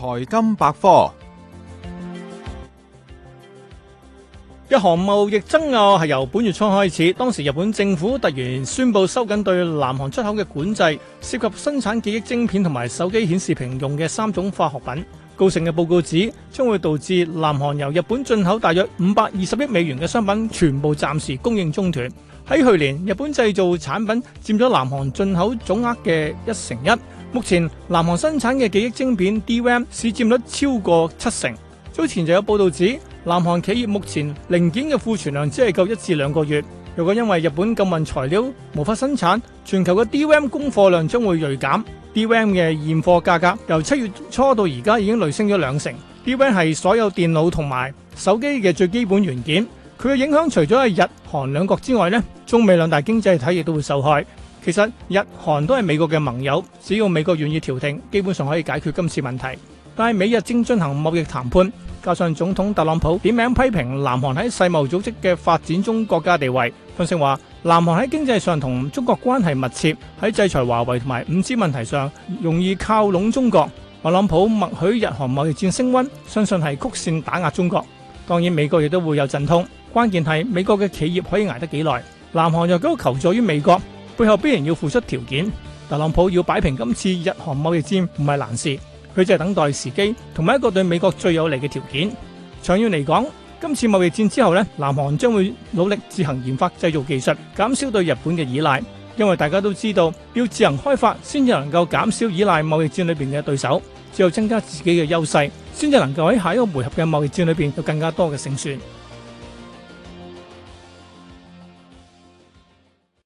財金百科。日韓貿易爭拗係由本月初開始，當時日本政府突然宣布收緊對南韓出口嘅管制，涉及生產記憶晶片同埋手機顯示屏用嘅三種化學品。高盛嘅報告指，將會導致南韓由日本進口大約五百二十億美元嘅商品全部暫時供應中斷。喺去年，日本製造產品佔咗南韓進口總額嘅一成一。目前南韓生產嘅記憶晶片 DRAM 市佔率超過七成。早前就有報道指，南韓企業目前零件嘅庫存量只係夠一至兩個月。如果因為日本禁運材料無法生產，全球嘅 DRAM 供貨量將會銳減。DRAM 嘅現貨價格由七月初到而家已經累升咗兩成。DRAM 係所有電腦同埋手機嘅最基本元件，佢嘅影響除咗係日韓兩國之外，呢中美兩大經濟體亦都會受害。其實日韓都係美國嘅盟友，只要美國願意調停，基本上可以解決今次問題。但係美日正進行貿易談判，加上總統特朗普點名批評南韓喺世貿組織嘅發展中國家地位。分析話，南韓喺經濟上同中國關係密切，喺制裁華為同埋五 G 問題上容易靠攏中國。特朗普默許日韓貿易戰升溫，相信係曲線打壓中國。當然美國亦都會有陣痛，關鍵係美國嘅企業可以捱得幾耐。南韓若果求助於美國。背後必然要付出條件，特朗普要擺平今次日韓貿易戰唔係難事，佢就係等待時機同埋一個對美國最有利嘅條件。長遠嚟講，今次貿易戰之後咧，南韓將會努力自行研發製造技術，減少對日本嘅依賴。因為大家都知道，要自行開發先至能夠減少依賴貿易戰裏邊嘅對手，只有增加自己嘅優勢，先至能夠喺下一個回合嘅貿易戰裏邊有更加多嘅勝算。